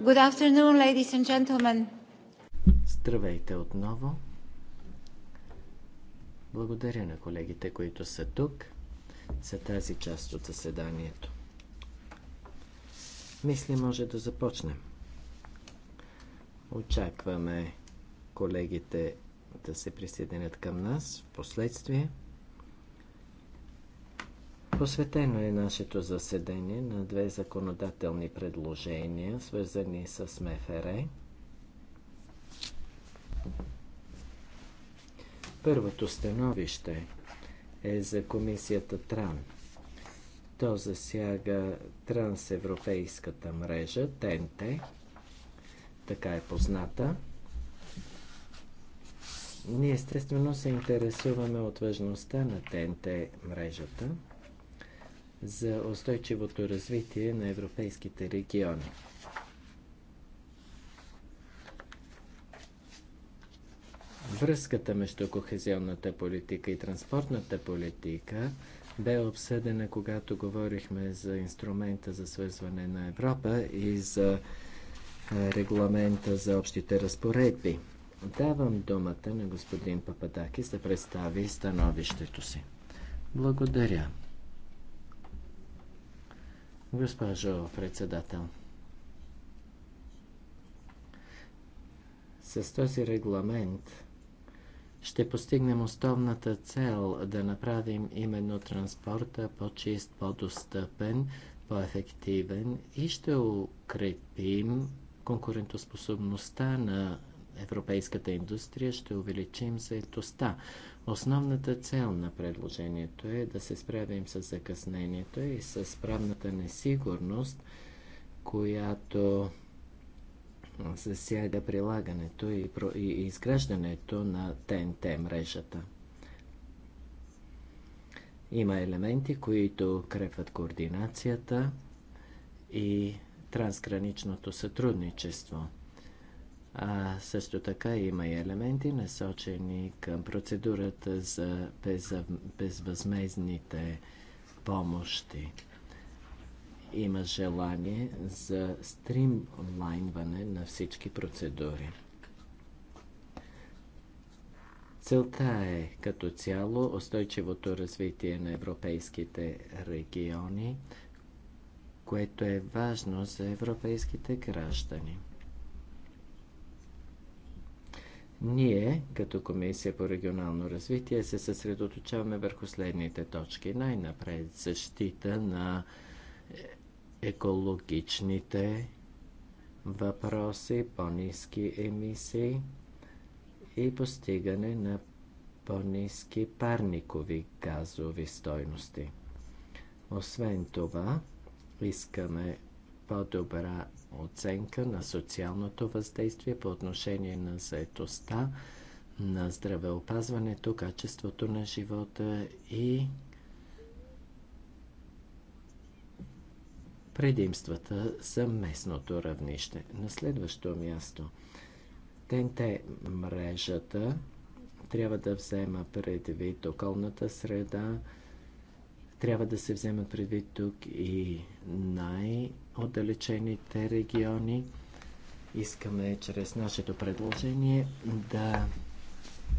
Good afternoon, ladies and gentlemen. Здравейте отново. Благодаря на колегите, които са тук за тази част от заседанието. Мисля, може да започнем. Очакваме колегите да се присъединят към нас в последствие. Посветено е нашето заседание на две законодателни предложения, свързани с МФР. Първото становище е за комисията ТРАН. То засяга трансевропейската мрежа ТНТ, така е позната. Ние естествено се интересуваме от важността на ТНТ мрежата – за устойчивото развитие на европейските региони. Връзката между кохезионната политика и транспортната политика бе обсъдена, когато говорихме за инструмента за свързване на Европа и за е, регламента за общите разпоредби. Давам думата на господин Пападаки да представи становището си. Благодаря. Госпожо председател, с този регламент ще постигнем основната цел да направим именно транспорта по-чист, по-достъпен, по-ефективен и ще укрепим конкурентоспособността на европейската индустрия, ще увеличим заетостта. Основната цел на предложението е да се справим с закъснението и с правната несигурност, която засяга прилагането и, изграждането на ТНТ мрежата. Има елементи, които крепват координацията и трансграничното сътрудничество – а също така има и елементи насочени към процедурата за безвъзмезните помощи. Има желание за стримлайнване на всички процедури. Целта е като цяло устойчивото развитие на европейските региони, което е важно за европейските граждани. Ние, като Комисия по регионално развитие, се съсредоточаваме върху следните точки. Най-напред защита на екологичните въпроси, по-низки емисии и постигане на по-низки парникови газови стойности. Освен това, искаме по-добра оценка на социалното въздействие по отношение на заетостта, на здравеопазването, качеството на живота и предимствата за местното равнище. На следващо място ТНТ мрежата трябва да взема предвид околната среда, трябва да се вземат предвид тук и най- по-далечените региони. Искаме чрез нашето предложение да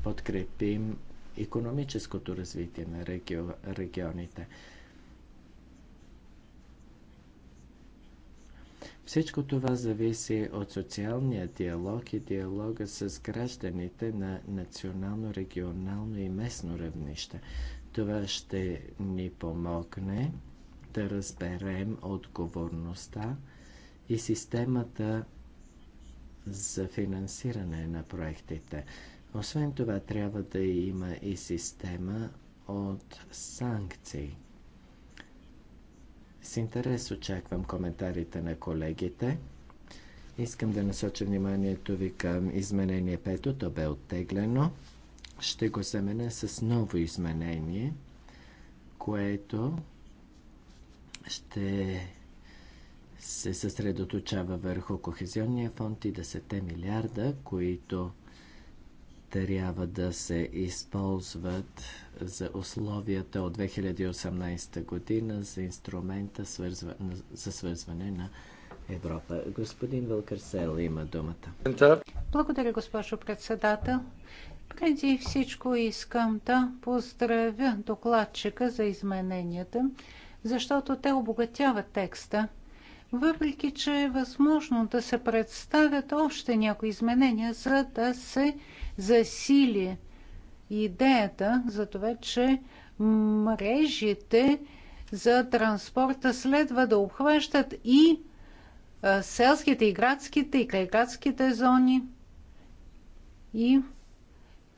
подкрепим економическото развитие на регионите. Всичко това зависи от социалния диалог и диалога с гражданите на национално, регионално и местно равнище. Това ще ни помогне да разберем отговорността и системата за финансиране на проектите. Освен това, трябва да има и система от санкции. С интерес очаквам коментарите на колегите. Искам да насоча вниманието ви към изменение 5. То бе оттеглено. Ще го заменя с ново изменение, което ще се съсредоточава върху Кохезионния фонд и 10 милиарда, които трябва да се използват за условията от 2018 година за инструмента свързва... за свързване на Европа. Господин Вълкърсел има думата. Благодаря, госпожо председател. Преди всичко искам да поздравя докладчика за измененията защото те обогатяват текста. Въпреки, че е възможно да се представят още някои изменения, за да се засили идеята за това, че мрежите за транспорта следва да обхващат и селските и градските и крайградските зони и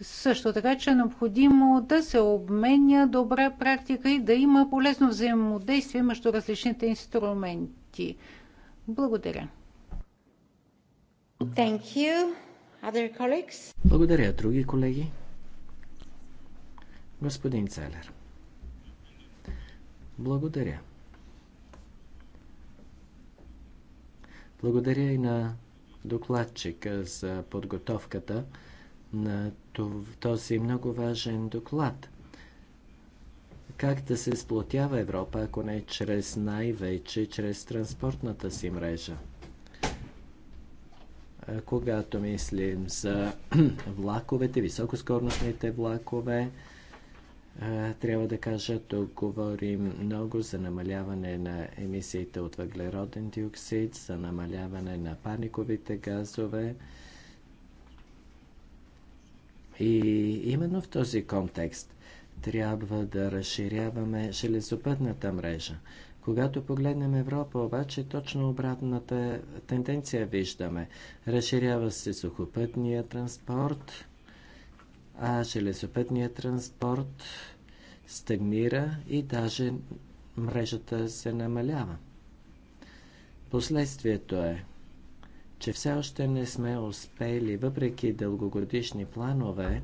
също така, че е необходимо да се обменя добра практика и да има полезно взаимодействие между различните инструменти. Благодаря. Thank you. Other colleagues? Благодаря. Други колеги? Господин Целер. Благодаря. Благодаря и на докладчика за подготовката на този много важен доклад. Как да се сплотява Европа, ако не чрез най-вече, чрез транспортната си мрежа? Когато мислим за влаковете, високоскоростните влакове, трябва да кажа, тук говорим много за намаляване на емисиите от въглероден диоксид, за намаляване на паниковите газове, и именно в този контекст трябва да разширяваме железопътната мрежа. Когато погледнем Европа, обаче точно обратната тенденция виждаме. Разширява се сухопътния транспорт, а железопътния транспорт стагнира и даже мрежата се намалява. Последствието е, че все още не сме успели, въпреки дългогодишни планове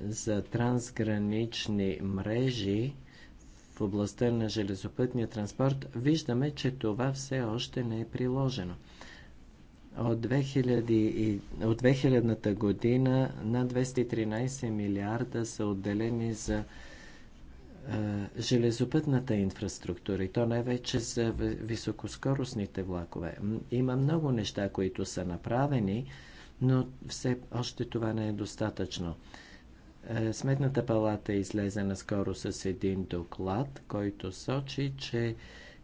за трансгранични мрежи в областта на железопътния транспорт, виждаме, че това все още не е приложено. От, 2000 от 2000-та година на 213 милиарда са отделени за е, железопътната инфраструктура и то най-вече за високоскоростните влакове. Има много неща, които са направени, но все още това не е достатъчно. Е, Сметната палата излезе наскоро с един доклад, който сочи, че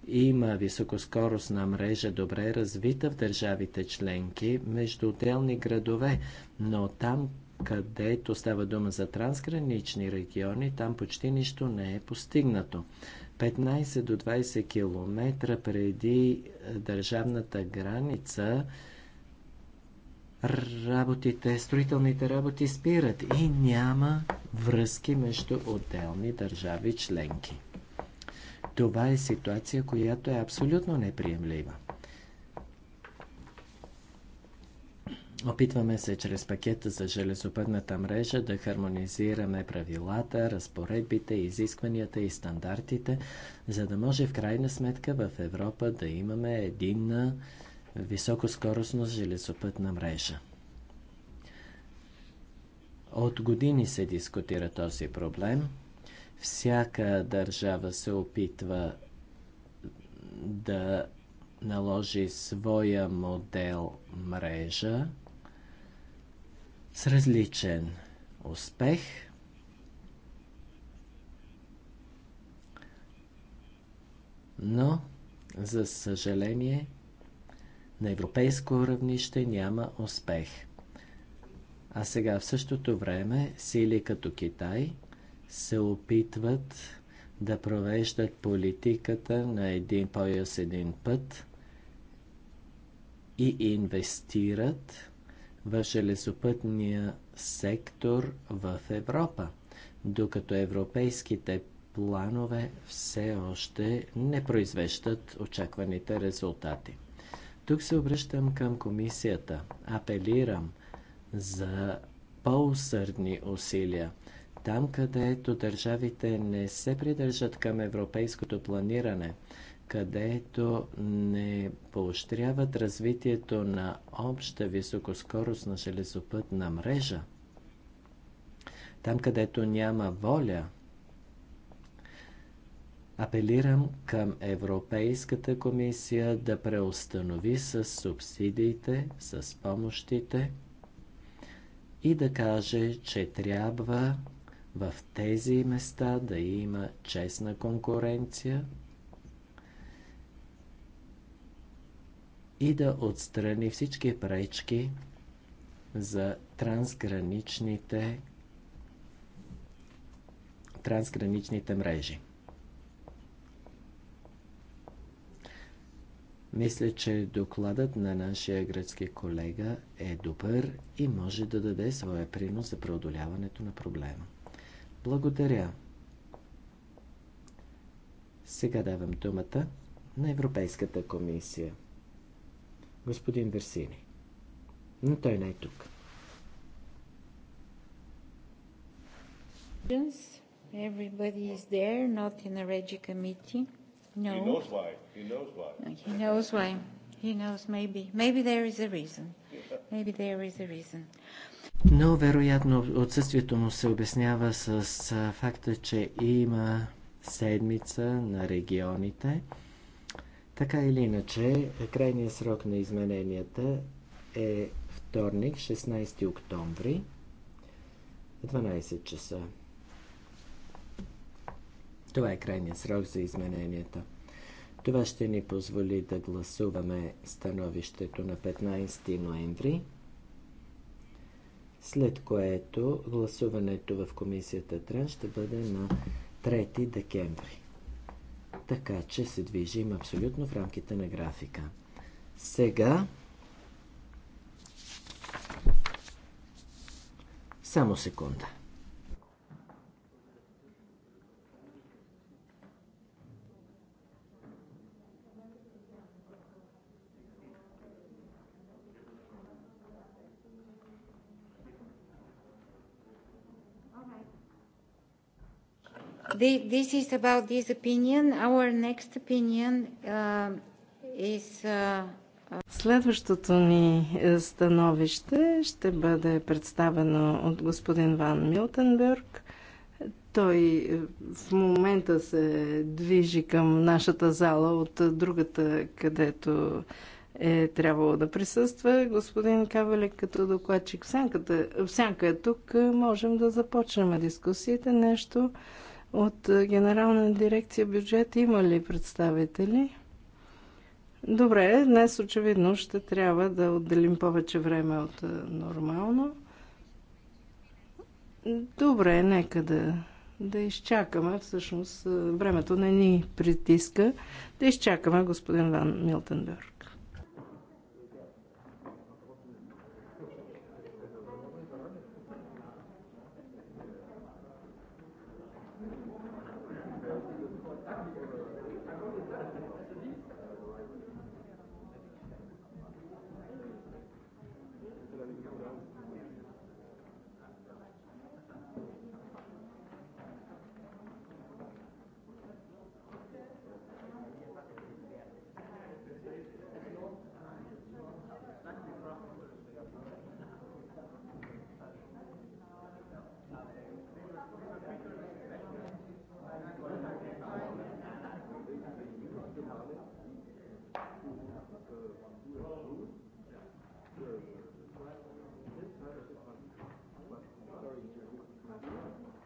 има високоскоростна мрежа, добре развита в държавите членки, между отделни градове, но там където става дума за трансгранични региони, там почти нищо не е постигнато. 15 до 20 км преди е, държавната граница работите, строителните работи спират и няма връзки между отделни държави членки. Това е ситуация, която е абсолютно неприемлива. Опитваме се чрез пакета за железопътната мрежа да хармонизираме правилата, разпоредбите, изискванията и стандартите, за да може в крайна сметка в Европа да имаме единна високоскоростна железопътна мрежа. От години се дискутира този проблем. Всяка държава се опитва да наложи своя модел мрежа с различен успех. Но, за съжаление, на европейско равнище няма успех. А сега в същото време сили като Китай се опитват да провеждат политиката на един пояс един път и инвестират в железопътния сектор в Европа, докато европейските планове все още не произвеждат очакваните резултати. Тук се обръщам към комисията. Апелирам за по-усърдни усилия. Там, където държавите не се придържат към европейското планиране – където не поощряват развитието на обща високоскоростна железопътна мрежа. Там, където няма воля, апелирам към Европейската комисия да преустанови с субсидиите, с помощите и да каже, че трябва в тези места да има честна конкуренция – и да отстрани всички пречки за трансграничните, трансграничните мрежи. Мисля, че докладът на нашия гръцки колега е добър и може да даде своя принос за преодоляването на проблема. Благодаря. Сега давам думата на Европейската комисия господин Версини. Но той не е тук. Everybody is there, not in a Reggie committee. No. He knows why. He knows why. He knows why. He knows maybe. Maybe there is a reason. Maybe there is a reason. Но вероятно отсъствието му се обяснява с факта, че има седмица на регионите. Така или иначе, крайният срок на измененията е вторник, 16 октомври, 12 часа. Това е крайният срок за измененията. Това ще ни позволи да гласуваме становището на 15 ноември, след което гласуването в комисията Тран ще бъде на 3 декември така че се движим абсолютно в рамките на графика. Сега само секунда. this is about this opinion. Our next opinion uh, is uh, uh Следващото ни е, становище ще бъде представено от господин Ван Милтенберг. Той е, в момента се движи към нашата зала от другата, където е трябвало да присъства. Господин Кавелек като докладчик в сянка е тук. Можем да започнем дискусиите. Нещо от е, Генерална дирекция бюджет има ли представители? Добре, днес очевидно ще трябва да отделим повече време от е, нормално. Добре, нека да, да изчакаме. Всъщност е, времето не ни притиска. Да изчакаме господин Ван Милтенберг.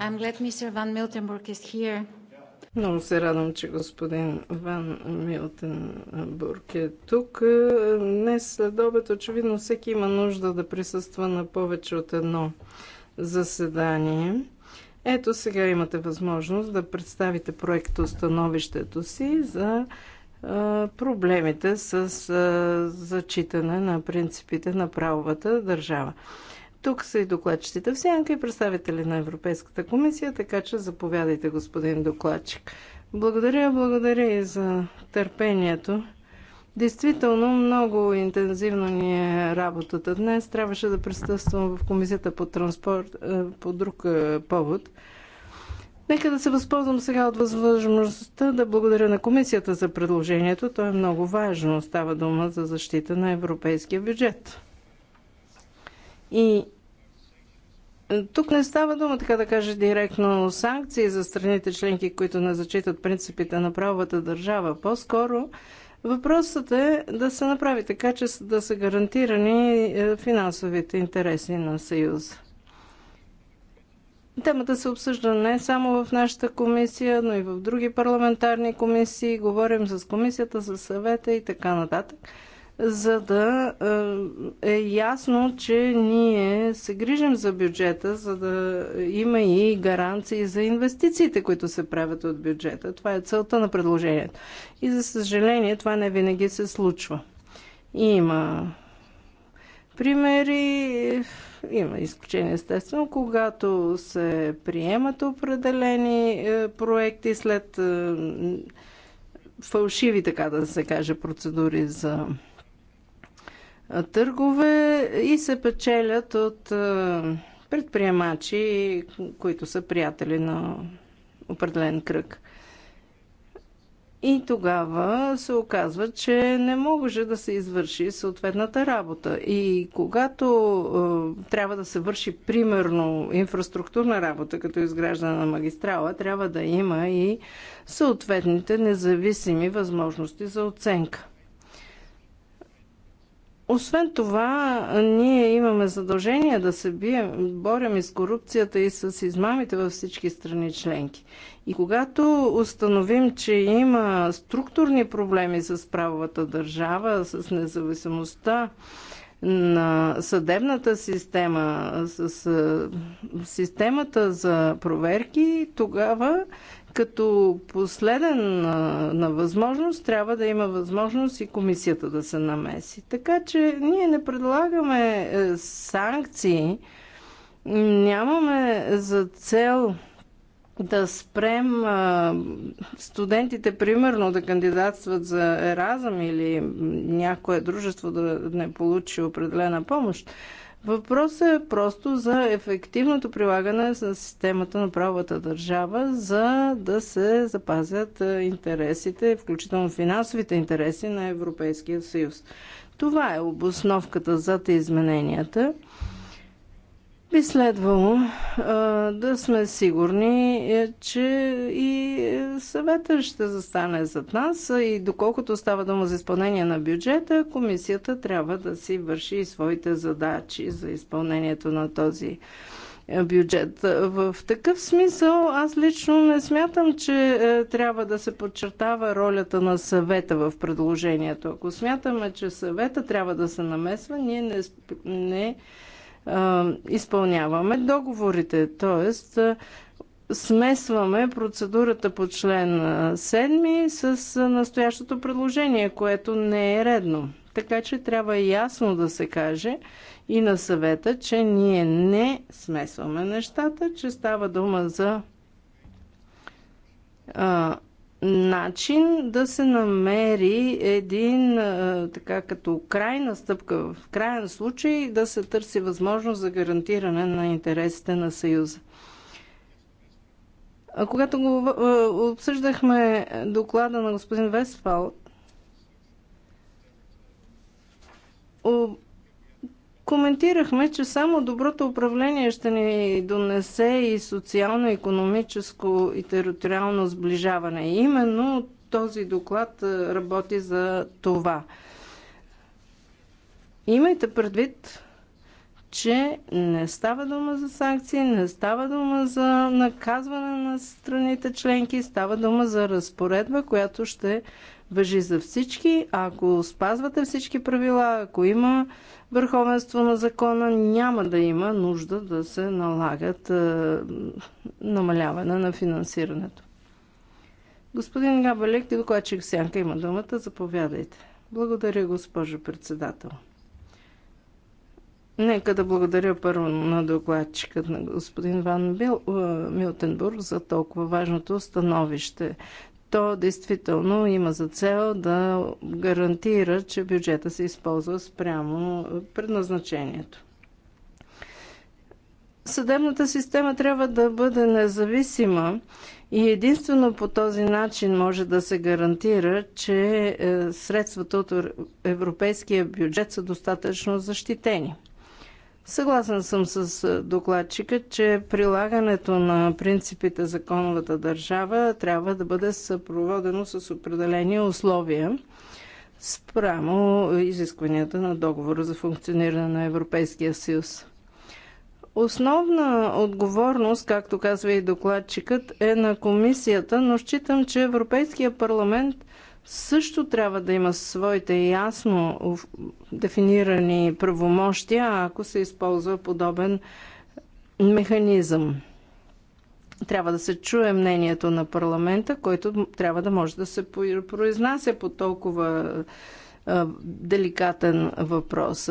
I'm glad Mr. Van Miltenburg is here. Много се радвам, че господин Ван Милтенбург е тук. Днес след обед очевидно всеки има нужда да присъства на повече от едно заседание. Ето сега имате възможност да представите проекто становището си за проблемите с зачитане на принципите на правовата държава. Тук са и докладчиците в сянка и представители на Европейската комисия, така че заповядайте, господин докладчик. Благодаря, благодаря и за търпението. Действително много интензивно ни е работата днес. Трябваше да присъствам в комисията по транспорт е, по друг е, повод. Нека да се възползвам сега от възможността да благодаря на комисията за предложението. То е много важно. Става дума за защита на европейския бюджет. И тук не става дума, така да кажа, директно санкции за страните членки, които не зачитат принципите на правовата държава. По-скоро въпросът е да се направи така, че да са гарантирани е, финансовите интереси на съюз. Темата се обсъжда не само в нашата комисия, но и в други парламентарни комисии. Говорим с комисията, с съвета и така нататък за да е, е ясно, че ние се грижим за бюджета, за да има и гаранции за инвестициите, които се правят от бюджета. Това е целта на предложението. И за съжаление, това не винаги се случва. Има примери, има изключение естествено, когато се приемат определени е, проекти след е, фалшиви, така да се каже, процедури за търгове и се печелят от предприемачи, които са приятели на определен кръг. И тогава се оказва, че не може да се извърши съответната работа. И когато е, трябва да се върши, примерно, инфраструктурна работа, като изграждане на магистрала, трябва да има и съответните независими възможности за оценка. Освен това, ние имаме задължение да се бием, борем и с корупцията и с измамите във всички страни членки. И когато установим, че има структурни проблеми с правовата държава, с независимостта на съдебната система, с е, системата за проверки, тогава като последен на, на възможност трябва да има възможност и комисията да се намеси. Така че ние не предлагаме е, санкции, нямаме за цел да спрем студентите, примерно, да кандидатстват за Еразъм или някое дружество да не получи определена помощ. Въпросът е просто за ефективното прилагане на системата на правовата държава, за да се запазят е, интересите, включително финансовите интереси на Европейския съюз. Това е обосновката зад измененията. Би следвало а, да сме сигурни, е, че и съвета ще застане зад нас и доколкото става дума за изпълнение на бюджета, комисията трябва да си върши и своите задачи за изпълнението на този е, бюджет. В такъв смисъл аз лично не смятам, че е, трябва да се подчертава ролята на съвета в предложението. Ако смятаме, че съвета трябва да се намесва, ние не, не изпълняваме договорите, т.е. смесваме процедурата по член 7 с настоящото предложение, което не е редно. Така че трябва ясно да се каже и на съвета, че ние не смесваме нещата, че става дума за а, начин да се намери един, така като крайна стъпка, в крайен случай да се търси възможност за гарантиране на интересите на Съюза. А когато го обсъждахме доклада на господин Вестфал, коментирахме, че само доброто управление ще ни донесе и социално-економическо и териториално сближаване. И именно този доклад работи за това. Имайте предвид, че не става дума за санкции, не става дума за наказване на страните членки, става дума за разпоредба, която ще въжи за всички. Ако спазвате всички правила, ако има върховенство на закона, няма да има нужда да се налагат е, намаляване на финансирането. Господин Габелек, докладчик Сянка има думата, заповядайте. Благодаря, госпожо председател. Нека да благодаря първо на докладчикът на господин Ван Бил, е, Милтенбург за толкова важното становище то действително има за цел да гарантира, че бюджета се използва спрямо предназначението. Съдебната система трябва да бъде независима и единствено по този начин може да се гарантира, че е, средствата от европейския бюджет са достатъчно защитени. Съгласен съм с докладчика, че прилагането на принципите законовата държава трябва да бъде съпроводено с определени условия спрямо изискванията на договора за функциониране на Европейския съюз. Основна отговорност, както казва и докладчикът, е на комисията, но считам, че Европейския парламент – също трябва да има своите ясно дефинирани правомощия, ако се използва подобен механизъм. Трябва да се чуе мнението на парламента, който трябва да може да се произнася по толкова деликатен въпрос.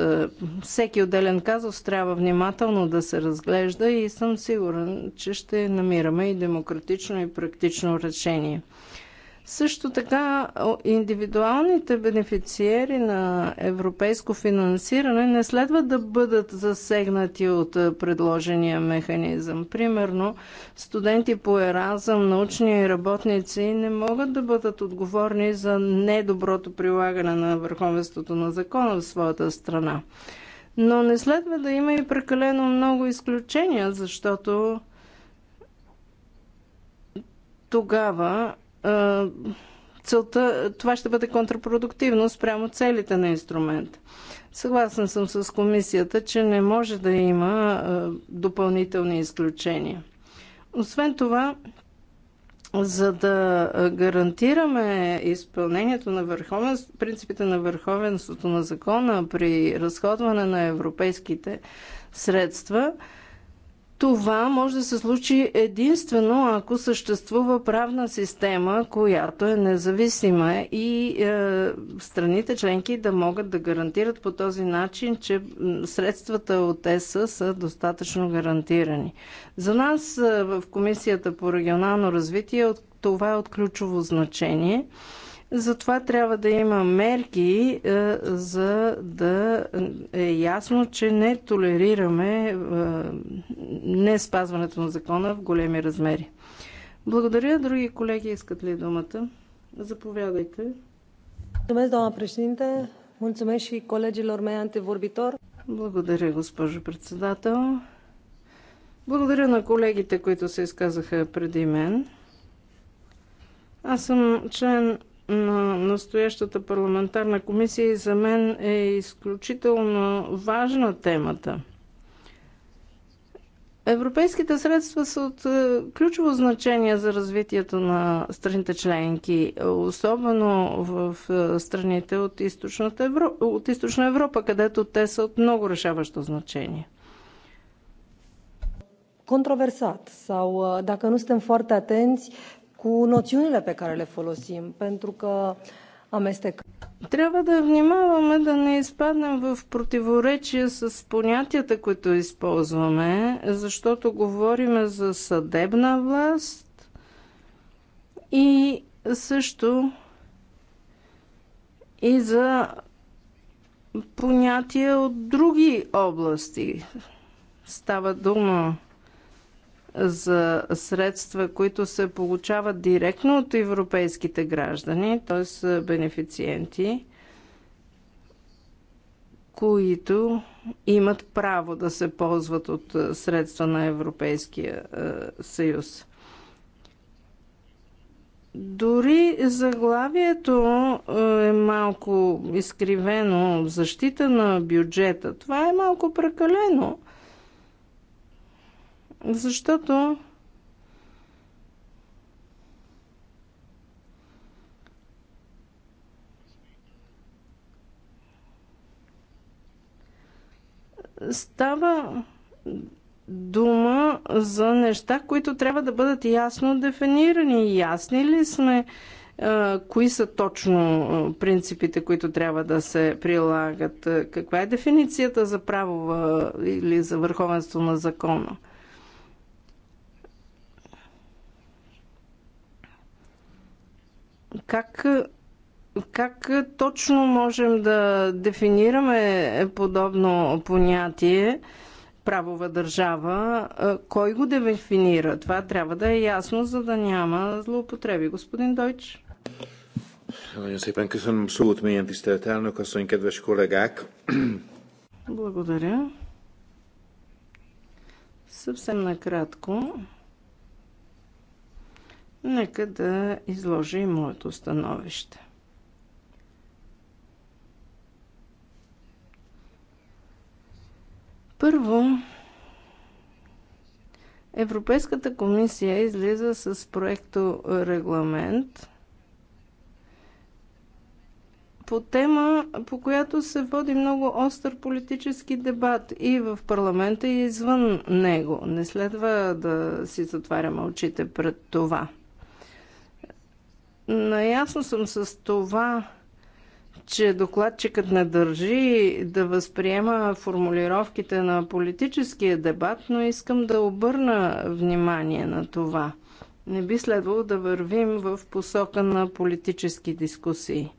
Всеки отделен казус трябва внимателно да се разглежда и съм сигурен, че ще намираме и демократично и практично решение. Също така, индивидуалните бенефициери на европейско финансиране не следва да бъдат засегнати от е, предложения механизъм. Примерно, студенти по Еразъм, научни работници не могат да бъдат отговорни за недоброто прилагане на върховенството на закона в своята страна. Но не следва да има и прекалено много изключения, защото тогава целта, това ще бъде контрапродуктивно спрямо целите на инструмента. Съгласен съм с комисията, че не може да има допълнителни изключения. Освен това, за да гарантираме изпълнението на върховен, принципите на върховенството на закона при разходване на европейските средства, това може да се случи единствено ако съществува правна система, която е независима и е, страните членки да могат да гарантират по този начин, че средствата от ЕС са достатъчно гарантирани. За нас е, в Комисията по регионално развитие това е от ключово значение. Затова трябва да има мерки, е, за да е ясно, че не толерираме е, не спазването на закона в големи размери. Благодаря. Други колеги искат ли думата? Заповядайте. Mulțumesc, doamna președinte. Mulțumesc și colegilor mei Ворбитор. Благодаря, госпожо председател. Благодаря на колегите, които се изказаха преди мен. Аз съм член на настоящата парламентарна комисия и за мен е изключително важна темата. Европейските средства са от е, ключово значение за развитието на страните членки, особено в е, страните от, източната Европа, от източна Европа, където те са от много решаващо значение. Контроверсат sau uh, dacă nu suntem foarte atenți, cu noțiunile pe care le folosim, pentru că amestecăm. Трябва да внимаваме да не изпаднем в противоречие с понятията, които използваме, защото говорим за съдебна власт и също и за понятия от други области. Става дума за средства, които се получават директно от европейските граждани, т.е. бенефициенти, които имат право да се ползват от е, средства на Европейския е, съюз. Дори заглавието е, е малко изкривено. Защита на бюджета. Това е малко прекалено защото става дума за неща, които трябва да бъдат ясно дефинирани. Ясни ли сме кои са точно принципите, които трябва да се прилагат? Каква е дефиницията за право или за върховенство на закона? Как, как точно можем да дефинираме подобно понятие правова държава? Кой го дефинира? Това трябва да е ясно, за да няма злоупотреби. Господин Дойч. Nagyon szépen köszönöm szót, milyen tisztelt elnök asszony, kedves kollégák! Благодаря. Съвсем накратко. Нека да изложа и моето становище. Първо, Европейската комисия излиза с проекто регламент по тема, по която се води много остър политически дебат и в парламента, и извън него. Не следва да си затваряме очите пред това. Наясно съм с това, че докладчикът не държи да възприема формулировките на политическия дебат, но искам да обърна внимание на това. Не би следвало да вървим в посока на политически дискусии.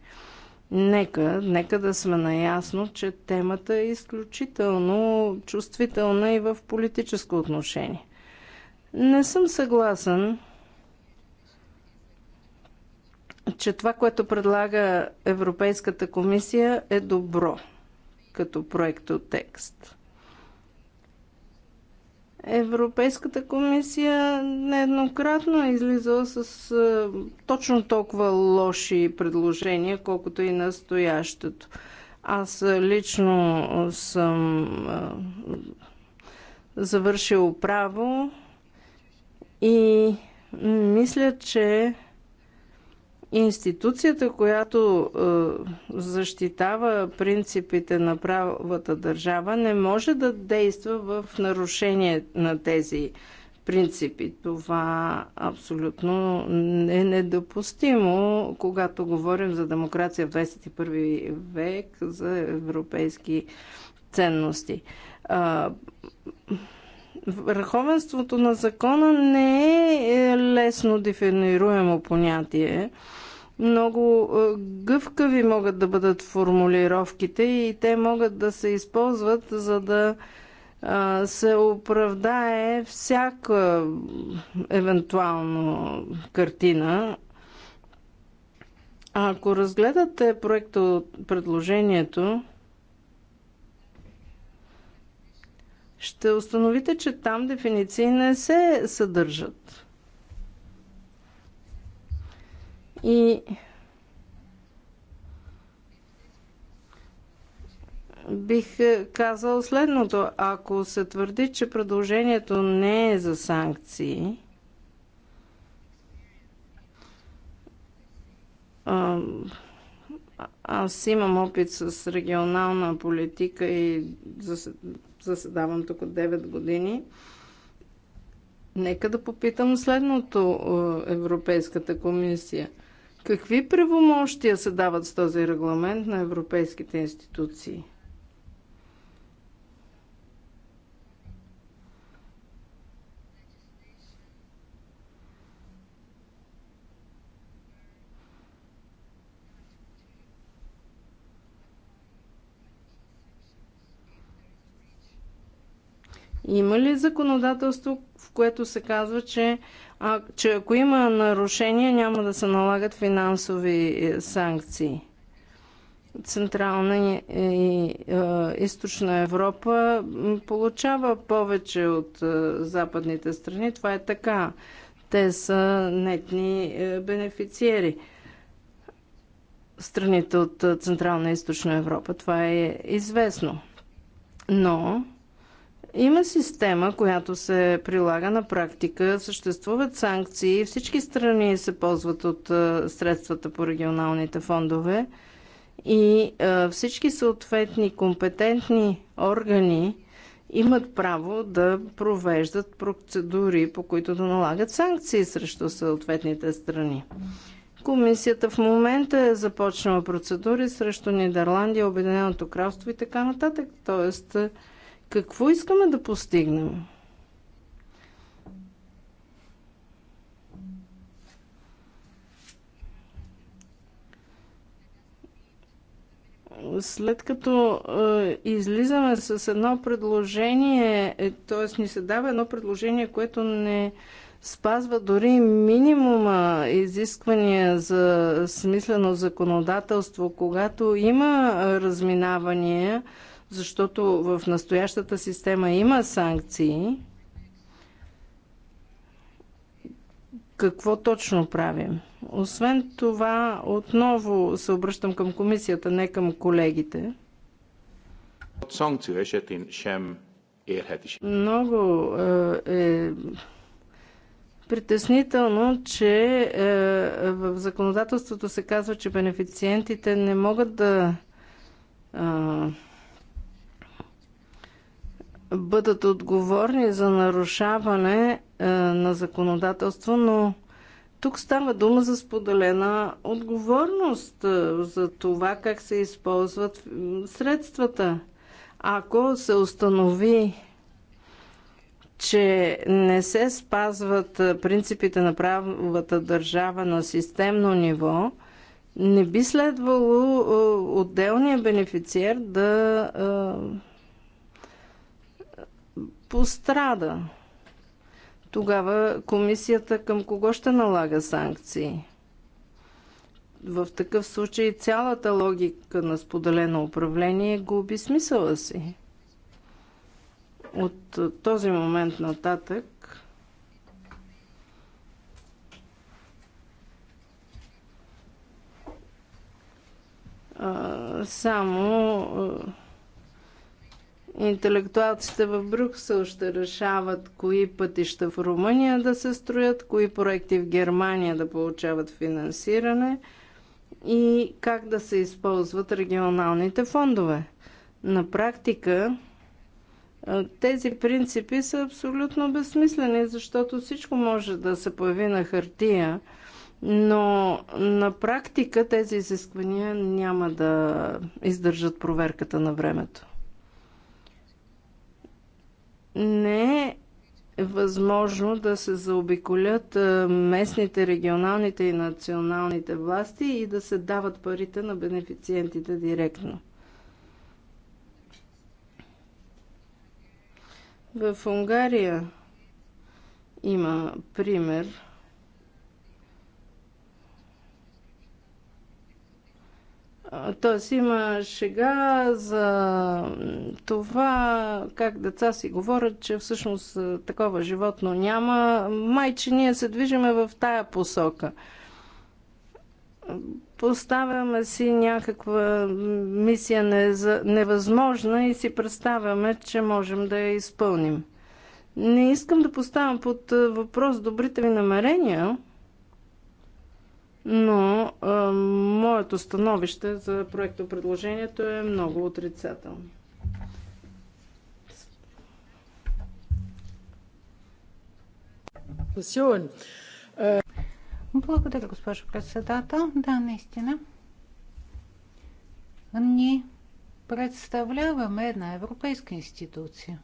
Нека, нека да сме наясно, че темата е изключително чувствителна и в политическо отношение. Не съм съгласен че това, което предлага Европейската комисия е добро като проект от текст. Европейската комисия нееднократно е излизала с а, е, точно толкова лоши предложения, колкото и настоящето. Аз е, лично е, съм а, завършил право и мисля, че институцията, която е, защитава принципите на правата държава, не може да действа в нарушение на тези принципи. Това абсолютно е недопустимо, когато говорим за демокрация в 21 век, за европейски ценности. Върховенството на закона не е лесно дефинируемо понятие. Много е, гъвкави могат да бъдат формулировките и те могат да се използват, за да се оправдае всяка евентуална картина. Ако разгледате проекта от предложението, ще установите, че там дефиниции не се съдържат. И бих е, казал следното. Ако се твърди, че предложението не е за санкции, аз имам опит с регионална политика и заседавам тук от 9 години. Нека да попитам следното е, Европейската комисия – Какви правомощия се дават с този регламент на европейските институции? Има ли законодателство, в което се казва, че, а, че ако има нарушения, няма да се налагат финансови е, санкции? Централна и а, е, е, източна Европа получава повече от а, западните страни. Това е така. Те са нетни а, бенефициери. Страните от Централна и източна Европа. Това е известно. Но има система, която се прилага на практика, съществуват санкции, всички страни се ползват от средствата по регионалните фондове и всички съответни компетентни органи имат право да провеждат процедури, по които да налагат санкции срещу съответните страни. Комисията в момента е започнала процедури срещу Нидерландия, Обединеното кралство и така нататък. Тоест, какво искаме да постигнем? след като е, излизаме с едно предложение, е, т.е. ни се дава едно предложение, което не спазва дори минимума изисквания за смислено законодателство, когато има разминавания, защото в настоящата система има санкции. Какво точно правим? Освен това, отново се обръщам към комисията, не към колегите. Много е, е притеснително, че е, в законодателството се казва, че бенефициентите не могат да бъдат отговорни за нарушаване е, на законодателство, но тук става дума за споделена отговорност е, за това как се използват средствата. Ако се установи, че не се спазват е, принципите на правовата държава на системно ниво, не би следвало отделния бенефициер да пострада, тогава комисията към кого ще налага санкции? В такъв случай цялата логика на споделено управление губи смисъла си. От този момент нататък само Интелектуалците в Брюксел ще решават кои пътища в Румъния да се строят, кои проекти в Германия да получават финансиране и как да се използват регионалните фондове. На практика тези принципи са абсолютно безсмислени, защото всичко може да се появи на хартия, но на практика тези изисквания няма да издържат проверката на времето не е възможно да се заобиколят местните, регионалните и националните власти и да се дават парите на бенефициентите директно. В Унгария има пример – Т.е. има шега за това как деца си говорят, че всъщност такова животно няма. Майче, ние се движиме в тая посока. Поставяме си някаква мисия невъзможна и си представяме, че можем да я изпълним. Не искам да поставям под въпрос добрите ви намерения, но а, моето становище за проекто предложението е много отрицателно. Е. Благодаря, госпожо председател. Да, наистина. Ние представляваме една европейска институция.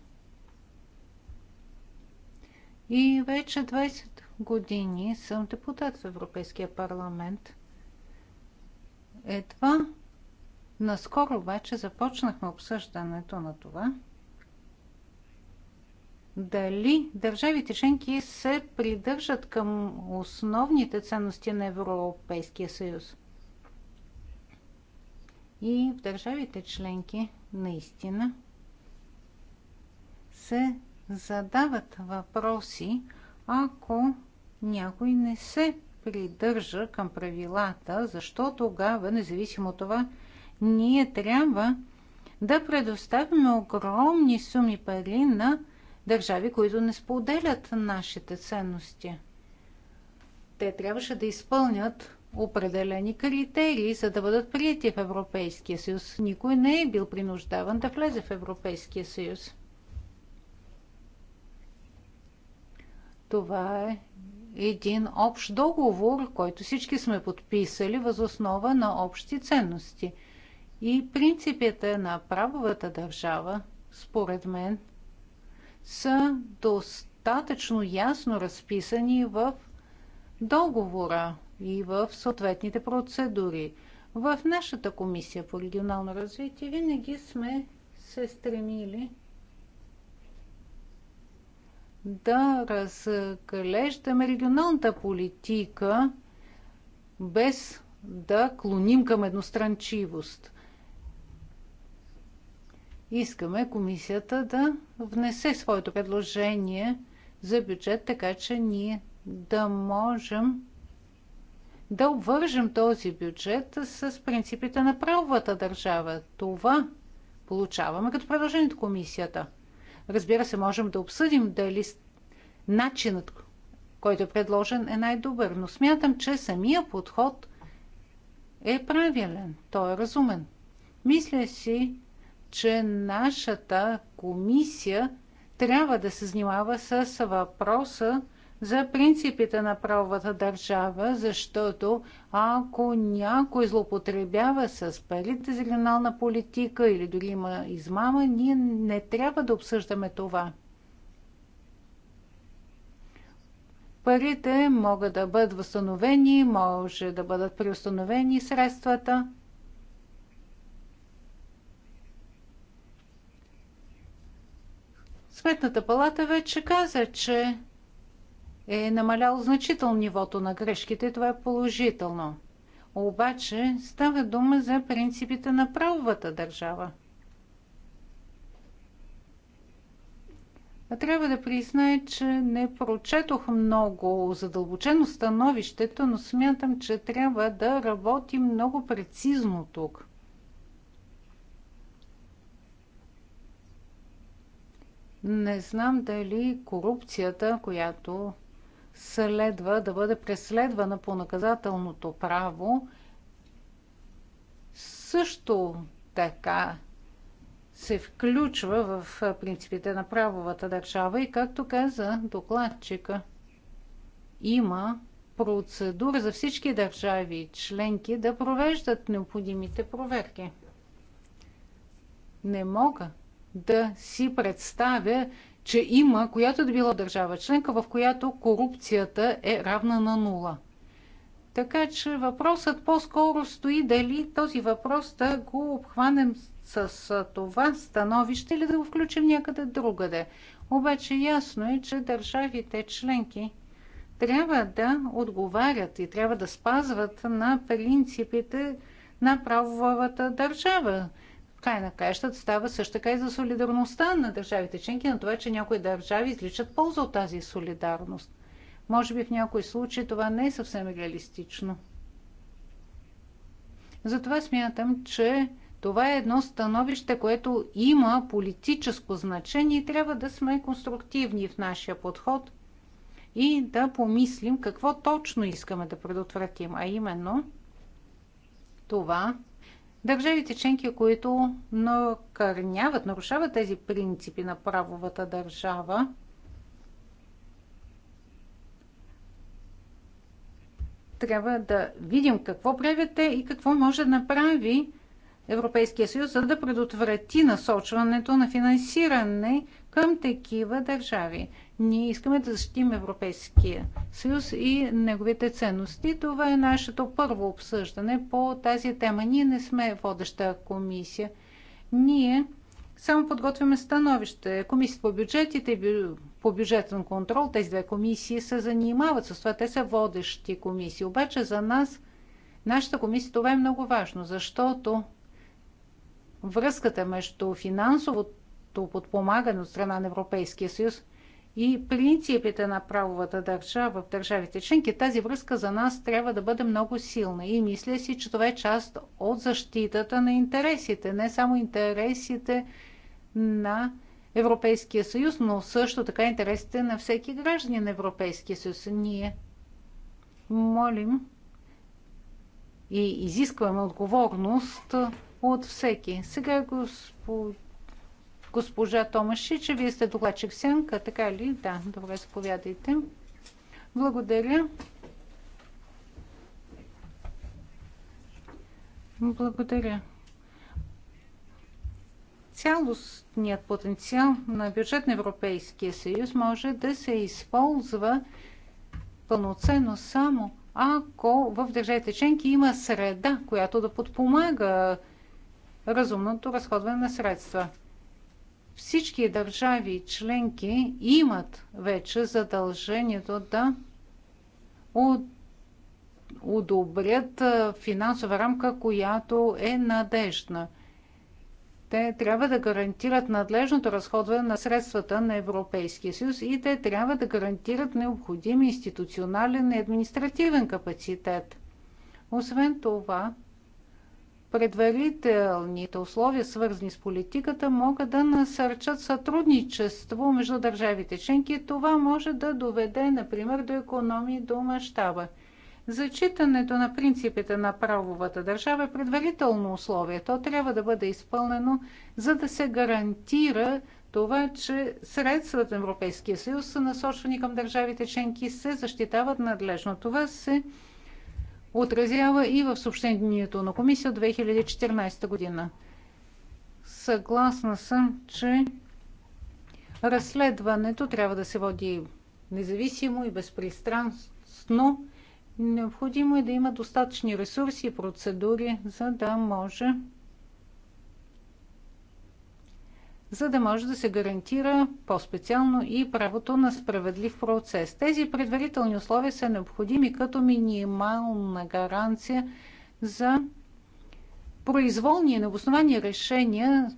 И вече 20 години съм депутат в Европейския парламент. Едва наскоро обаче започнахме обсъждането на това, дали държавите членки се придържат към основните ценности на Европейския съюз. И в държавите членки наистина се задават въпроси, ако някой не се придържа към правилата, защо тогава, независимо от това, ние трябва да предоставяме огромни суми пари на държави, които не споделят нашите ценности. Те трябваше да изпълнят определени критерии, за да бъдат прияти в Европейския съюз. Никой не е бил принуждаван да влезе в Европейския съюз. Това е един общ договор, който всички сме подписали въз основа на общи ценности. И принципите на правовата държава, според мен, са достатъчно ясно разписани в договора и в съответните процедури. В нашата комисия по регионално развитие винаги сме се стремили да разглеждаме регионалната политика без да клоним към едностранчивост. Искаме комисията да внесе своето предложение за бюджет, така че ние да можем да обвържем този бюджет с принципите на правовата държава. Това получаваме като предложение от комисията. Разбира се, можем да обсъдим дали начинът, който е предложен, е най-добър, но смятам, че самия подход е правилен, той е разумен. Мисля си, че нашата комисия трябва да се занимава с въпроса за принципите на правовата държава, защото ако някой злоупотребява с парите за регионална политика или дори има измама, ние не трябва да обсъждаме това. Парите могат да бъдат възстановени, може да бъдат преустановени средствата. Сметната палата вече каза, че е намаляло значително нивото на грешките. Това е положително. Обаче става дума за принципите на правовата държава. Трябва да признае, че не прочетох много задълбочено становището, но смятам, че трябва да работим много прецизно тук. Не знам дали корупцията, която следва да бъде преследвана по наказателното право. Също така се включва в принципите на правовата държава и, както каза докладчика, има процедура за всички държави и членки да провеждат необходимите проверки. Не мога да си представя, че има която да била държава членка, в която корупцията е равна на нула. Така че въпросът по-скоро стои дали този въпрос да го обхванем с това становище или да го включим някъде другаде. Обаче ясно е, че държавите членки трябва да отговарят и трябва да спазват на принципите на правовата държава край на краищата става също така и за солидарността на държавите членки, на това, че някои държави изличат полза от тази солидарност. Може би в някои случаи това не е съвсем реалистично. Затова смятам, че това е едно становище, което има политическо значение и трябва да сме конструктивни в нашия подход и да помислим какво точно искаме да предотвратим, а именно това Държавите членки, които накърняват, нарушават тези принципи на правовата държава, трябва да видим какво правите и какво може да направи Европейския съюз, за да предотврати насочването на финансиране към такива държави. Ние искаме да защитим Европейския съюз и неговите ценности. Това е нашето първо обсъждане по тази тема. Ние не сме водеща комисия. Ние само подготвяме становище. Комисията по бюджетите и по бюджетен контрол, тези две комисии се занимават с това. Те са водещи комисии. Обаче за нас, нашата комисия, това е много важно, защото връзката между финансовото правното подпомагане от страна на Европейския съюз и принципите на правовата държава в държавите членки, тази връзка за нас трябва да бъде много силна. И мисля си, че това е част от защитата на интересите, не само интересите на Европейския съюз, но също така интересите на всеки гражданин на Европейския съюз. Ние молим и изискваме отговорност от всеки. Сега господин Госпожа Томашича, вие сте докладчик сянка, така ли? Да, добре, заповядайте. Благодаря. Благодаря. Цялостният потенциал на бюджет на Европейския съюз може да се използва пълноценно само ако в държавите членки има среда, която да подпомага разумното разходване на средства. Всички държави членки имат вече задължението да одобрят финансова рамка, която е надежна. Те трябва да гарантират надлежното разходване на средствата на Европейския съюз и те трябва да гарантират необходим институционален и административен капацитет. Освен това, предварителните условия, свързани с политиката, могат да насърчат сътрудничество между държавите членки. Това може да доведе, например, до економии до мащаба. Зачитането на принципите на правовата държава е предварително условие. То трябва да бъде изпълнено, за да се гарантира това, че средствата на Европейския съюз са насочени към държавите членки и се защитават надлежно. Това се отразява и в съобщението на комисия 2014 година. Съгласна съм, че разследването трябва да се води независимо и безпристрастно. Необходимо е да има достатъчни ресурси и процедури, за да може за да може да се гарантира по-специално и правото на справедлив процес. Тези предварителни условия са необходими като минимална гаранция за произволни и необосновани решения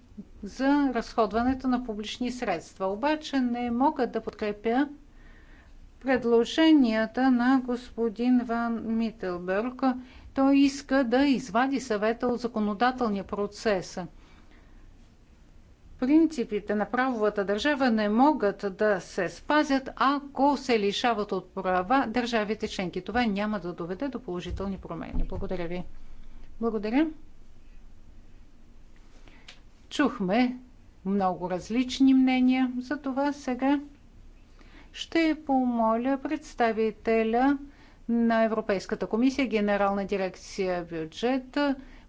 за разходването на публични средства. Обаче не могат да подкрепя предложенията на господин Ван Мителберг. Той иска да извади съвета от законодателния процес – принципите на правовата държава не могат да се спазят, ако се лишават от права държавите членки. Това няма да доведе до положителни промени. Благодаря ви. Благодаря. Чухме много различни мнения, за това сега ще помоля представителя на Европейската комисия, генерална дирекция бюджет,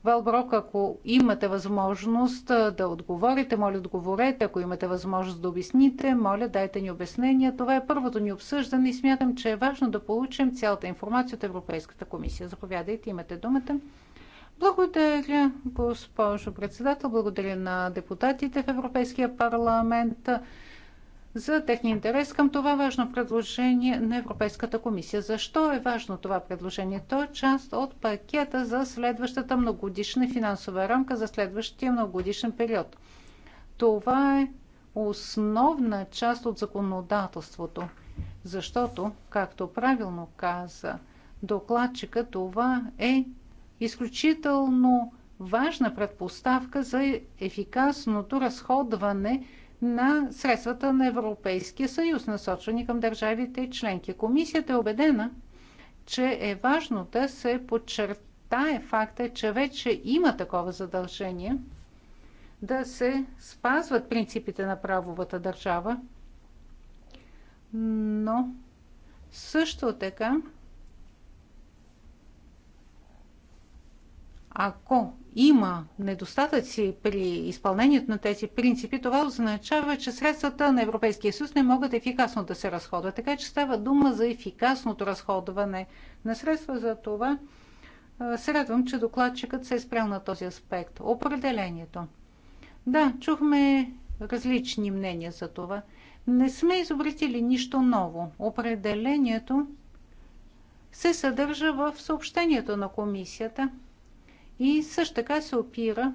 Валброк, ако имате възможност да отговорите, моля отговорете. Ако имате възможност да обясните, моля дайте ни обяснение. Това е първото ни обсъждане и смятам, че е важно да получим цялата информация от Европейската комисия. Заповядайте, имате думата. Благодаря, госпожо председател. Благодаря на депутатите в Европейския парламент за техния интерес към това важно предложение на Европейската комисия. Защо е важно това предложение? То е част от пакета за следващата многогодишна финансова рамка за следващия многогодишен период. Това е основна част от законодателството, защото, както правилно каза докладчика, това е изключително важна предпоставка за ефикасното разходване на средствата на Европейския съюз, насочени към държавите и членки. Комисията е убедена, че е важно да се подчертае факта, че вече има такова задължение да се спазват принципите на правовата държава, но също така Ако има недостатъци при изпълнението на тези принципи, това означава, че средствата на Европейския съюз не могат ефикасно да се разходват. Така че става дума за ефикасното разходване на средства. За това се радвам, че докладчикът се е спрял на този аспект. Определението. Да, чухме различни мнения за това. Не сме изобретили нищо ново. Определението се съдържа в съобщението на комисията – и също така се опира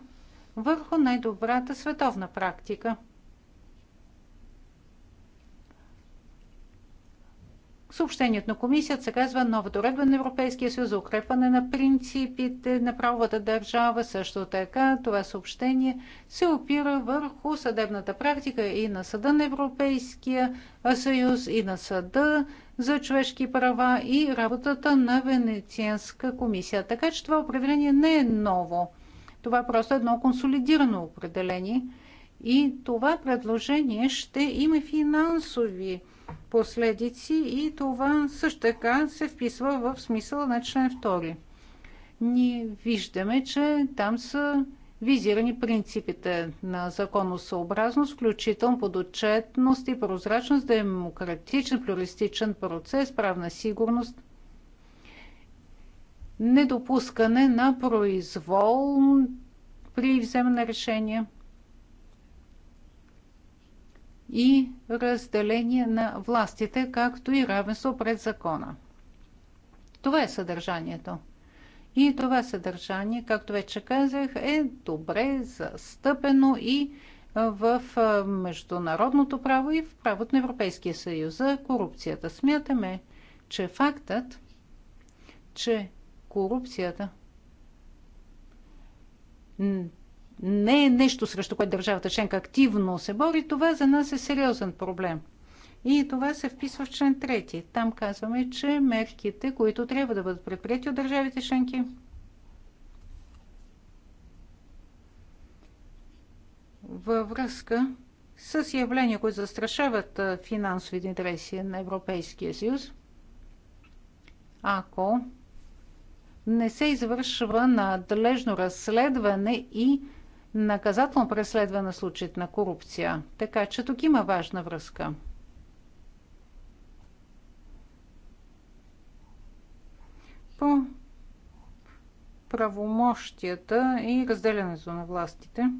върху най-добрата световна практика. Съобщението на комисията се казва нова доредба на Европейския съюз за укрепване на принципите на правовата държава. Също така това съобщение се опира върху съдебната практика и на Съда на Европейския съюз, и на Съда за човешки права и работата на Венецианска комисия. Така че това определение не е ново. Това е просто едно консолидирано определение. И това предложение ще има финансови последици и това също така се вписва в смисъла на член 2. Ние виждаме, че там са визирани принципите на законосъобразност, включително подотчетност и прозрачност, демократичен, плюристичен процес, правна сигурност, недопускане на произвол при вземане на решение и разделение на властите, както и равенство пред закона. Това е съдържанието. И това съдържание, както вече казах, е добре застъпено и в международното право и в правото на Европейския съюз за корупцията. Смятаме, че фактът, че корупцията не е нещо, срещу което държавата членка активно се бори, това за нас е сериозен проблем – и това се вписва в член 3. Там казваме, че мерките, които трябва да бъдат предприяти от държавите членки, във връзка с явления, които застрашават финансовите интереси на Европейския съюз, ако не се извършва надлежно разследване и наказателно преследване на случаите на корупция. Така че тук има важна връзка. по правомощията и разделянето на властите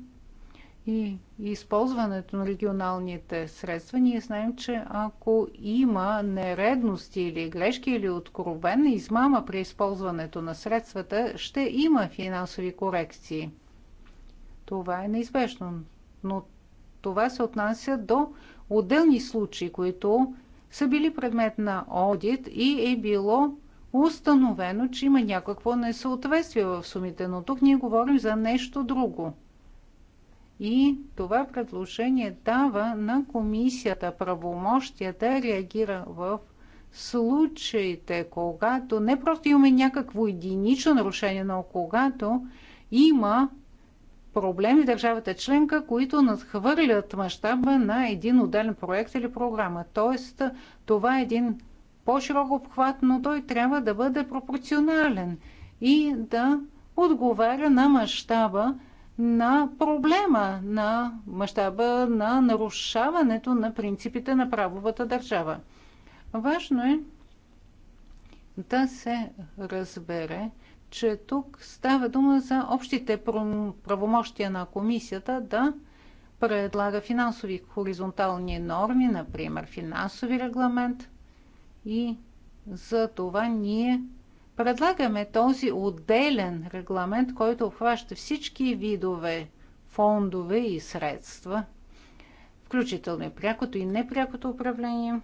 и използването на регионалните средства, ние знаем, че ако има нередности или грешки или откровена измама при използването на средствата, ще има финансови корекции. Това е неизбежно, но това се отнася до отделни случаи, които са били предмет на одит и е било установено, че има някакво несъответствие в сумите, но тук ние говорим за нещо друго. И това предложение дава на комисията правомощия да реагира в случаите, когато не просто имаме някакво единично нарушение, но когато има проблеми в държавата членка, които надхвърлят мащаба на един отделен проект или програма. Тоест, това е един по-широк обхват, но той трябва да бъде пропорционален и да отговаря на мащаба на проблема, на мащаба на нарушаването на принципите на правовата държава. Важно е да се разбере, че тук става дума за общите правомощия на комисията да предлага финансови хоризонтални норми, например финансови регламент, и за това ние предлагаме този отделен регламент, който обхваща всички видове фондове и средства, включително и прякото и непрякото управление.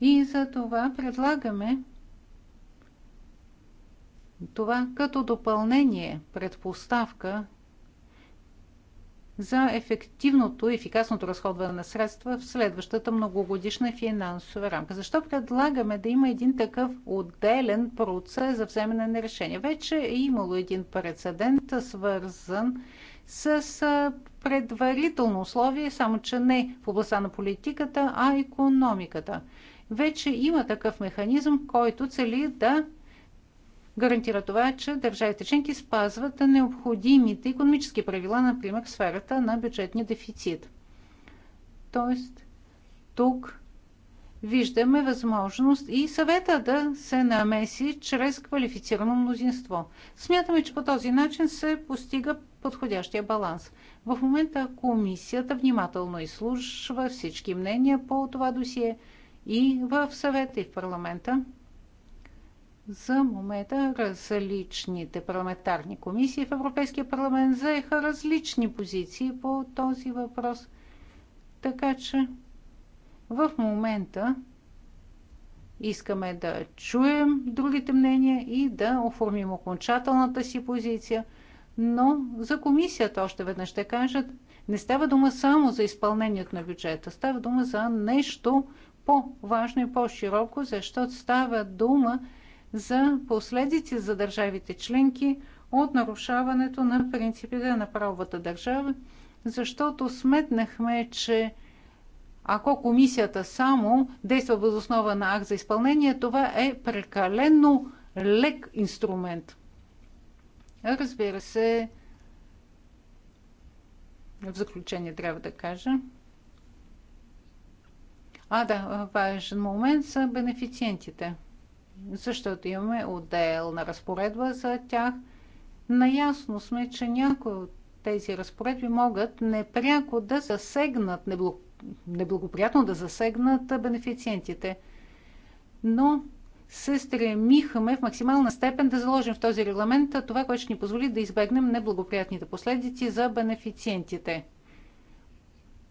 И за това предлагаме това като допълнение, предпоставка за ефективното и ефикасното разходване на средства в следващата многогодишна финансова рамка. Защо предлагаме да има един такъв отделен процес за вземане на решения? Вече е имало един прецедент, свързан с предварително условие, само че не в областта на политиката, а економиката. Вече има такъв механизъм, който цели да гарантира това, че държавите членки спазват необходимите економически правила, например в сферата на бюджетния дефицит. Тоест, тук виждаме възможност и съвета да се намеси чрез квалифицирано мнозинство. Смятаме, че по този начин се постига подходящия баланс. В момента комисията внимателно изслушва всички мнения по това досие и в съвета, и в парламента. За момента различните парламентарни комисии в Европейския парламент заеха различни позиции по този въпрос. Така че в момента искаме да чуем другите мнения и да оформим окончателната си позиция. Но за комисията още веднъж ще кажат, не става дума само за изпълнението на бюджета, става дума за нещо по-важно и по-широко, защото става дума за последици за държавите членки от нарушаването на принципите на правовата държава, защото сметнахме, че ако комисията само действа въз основа на акт за изпълнение, това е прекалено лек инструмент. Разбира се, в заключение трябва да кажа. А, да, важен момент са бенефициентите – защото имаме отделна разпоредба за тях. Наясно сме, че някои от тези разпоредби могат непряко да засегнат, неблагоприятно да засегнат бенефициентите. Но се стремихме в максимална степен да заложим в този регламент това, което ще ни позволи да избегнем неблагоприятните последици за бенефициентите.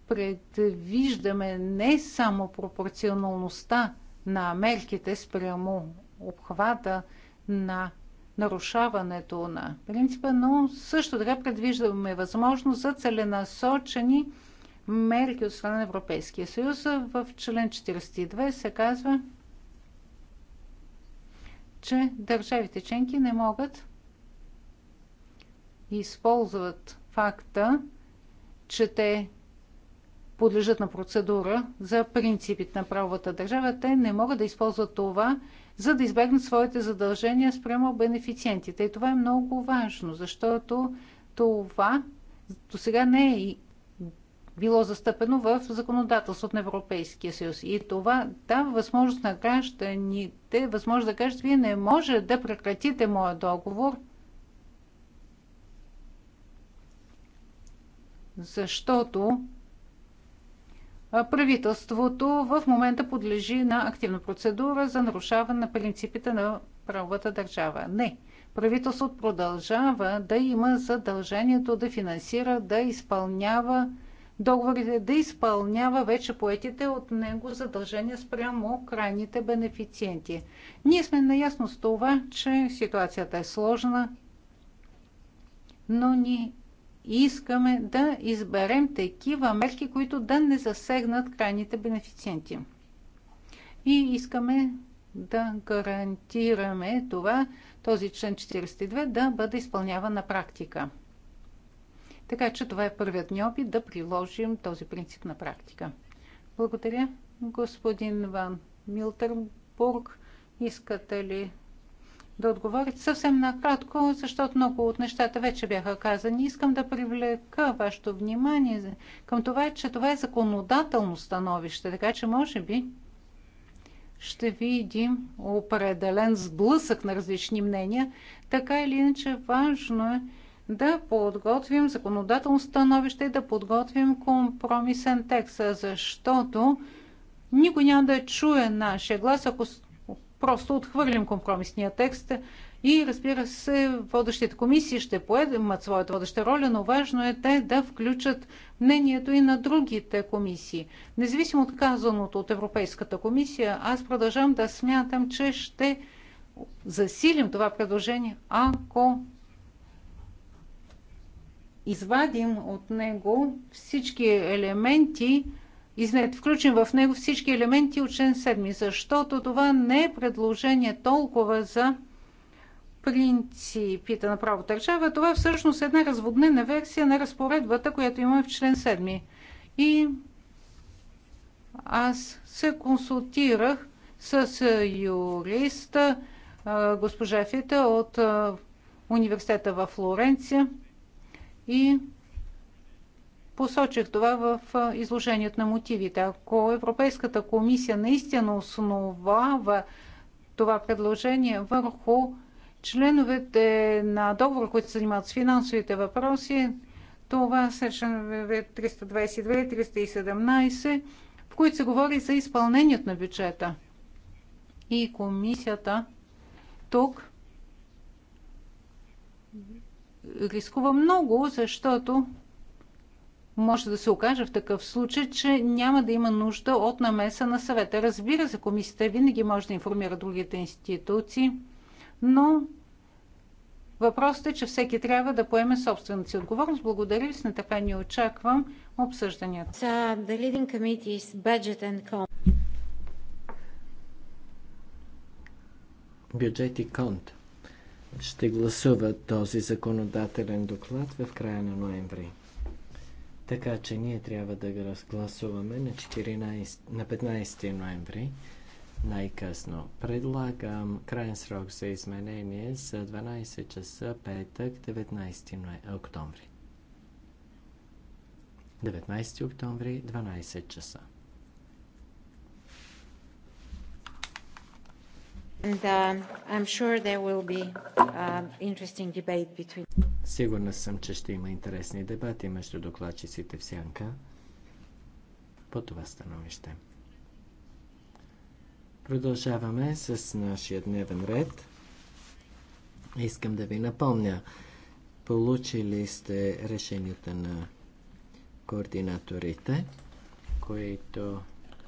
Предвиждаме не само пропорционалността на мерките спрямо обхвата на нарушаването на принципа, но също така предвиждаме възможност за целенасочени мерки от страна на Европейския съюз. В член 42 се казва, че държавите членки не могат използват факта, че те подлежат на процедура за принципите на правовата държава, те не могат да използват това, за да избегнат своите задължения спрямо бенефициентите. И това е много важно, защото това до сега не е било застъпено в законодателството на Европейския съюз. И това дава възможност на гражданите, възможност да кажат, вие не може да прекратите моя договор, защото правителството в момента подлежи на активна процедура за нарушаване на принципите на правовата държава. Не. Правителството продължава да има задължението да финансира, да изпълнява договорите, да изпълнява вече поетите от него задължения спрямо крайните бенефициенти. Ние сме наясно с това, че ситуацията е сложна, но ни искаме да изберем такива мерки, които да не засегнат крайните бенефициенти. И искаме да гарантираме това, този член 42 да бъде изпълняван на практика. Така че това е първият ни опит да приложим този принцип на практика. Благодаря. Господин Ван Милтербург, искате ли да отговорите съвсем накратко, защото много от нещата вече бяха казани. Искам да привлека вашето внимание към това, че това е законодателно становище, така че може би ще видим определен сблъсък на различни мнения. Така или иначе важно е да подготвим законодателно становище и да подготвим компромисен текст, защото никой няма да чуе нашия глас, ако просто отхвърлим компромисния текст и разбира се, водещите комисии ще поемат своята водеща роля, но важно е те да включат мнението и на другите комисии. Независимо от казаното от Европейската комисия, аз продължавам да смятам, че ще засилим това предложение, ако извадим от него всички елементи, Изнет, включим в него всички елементи от член 7, защото това не е предложение толкова за принципите на правото държава. Това е всъщност една разводнена версия на разпоредбата, която имаме в член 7. И аз се консултирах с юриста госпожа Фита от университета във Флоренция и Посочих това в изложението на мотивите. Ако Европейската комисия наистина основава това предложение върху членовете на договор, които се занимават с финансовите въпроси, това са членове 322 и 317, в които се говори за изпълнението на бюджета. И комисията тук рискува много, защото може да се окаже в такъв случай, че няма да има нужда от намеса на съвета. Разбира се, комисията винаги може да информира другите институции, но въпросът е, че всеки трябва да поеме собствената си отговорност. Благодаря ви, с нетърпение очаквам обсъжданията. Бюджет и конт ще гласуват този законодателен доклад в края на ноември. Така че ние трябва да го разгласуваме на, 14, на 15 ноември най-късно. Предлагам крайен срок за изменение за 12 часа петък 19 октомври. 19 октомври, 12 часа. And uh, I'm sure there will be uh, interesting debate between... Сигурна съм, че ще има интересни дебати между докладчиците в Сянка по това становище. Продължаваме с нашия дневен ред. Искам да ви напомня, получили сте решенията на координаторите, които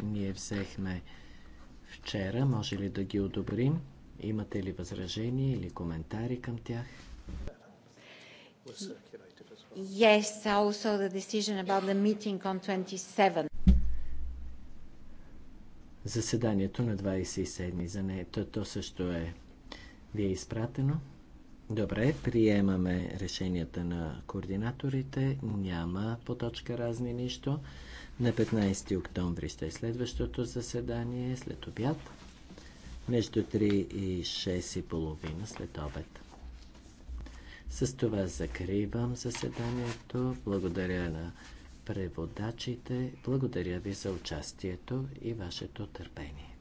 ние взехме вчера. Може ли да ги одобрим? Имате ли възражения или коментари към тях? Yes, also the decision about the meeting on 27. Заседанието на 27 за нея, то, то също е ви е изпратено. Добре, приемаме решенията на координаторите. Няма по точка разни нищо. На 15 октомври ще е следващото заседание след обяд, между 3 и 6 и половина след обед. С това закривам заседанието. Благодаря на преводачите. Благодаря ви за участието и вашето търпение.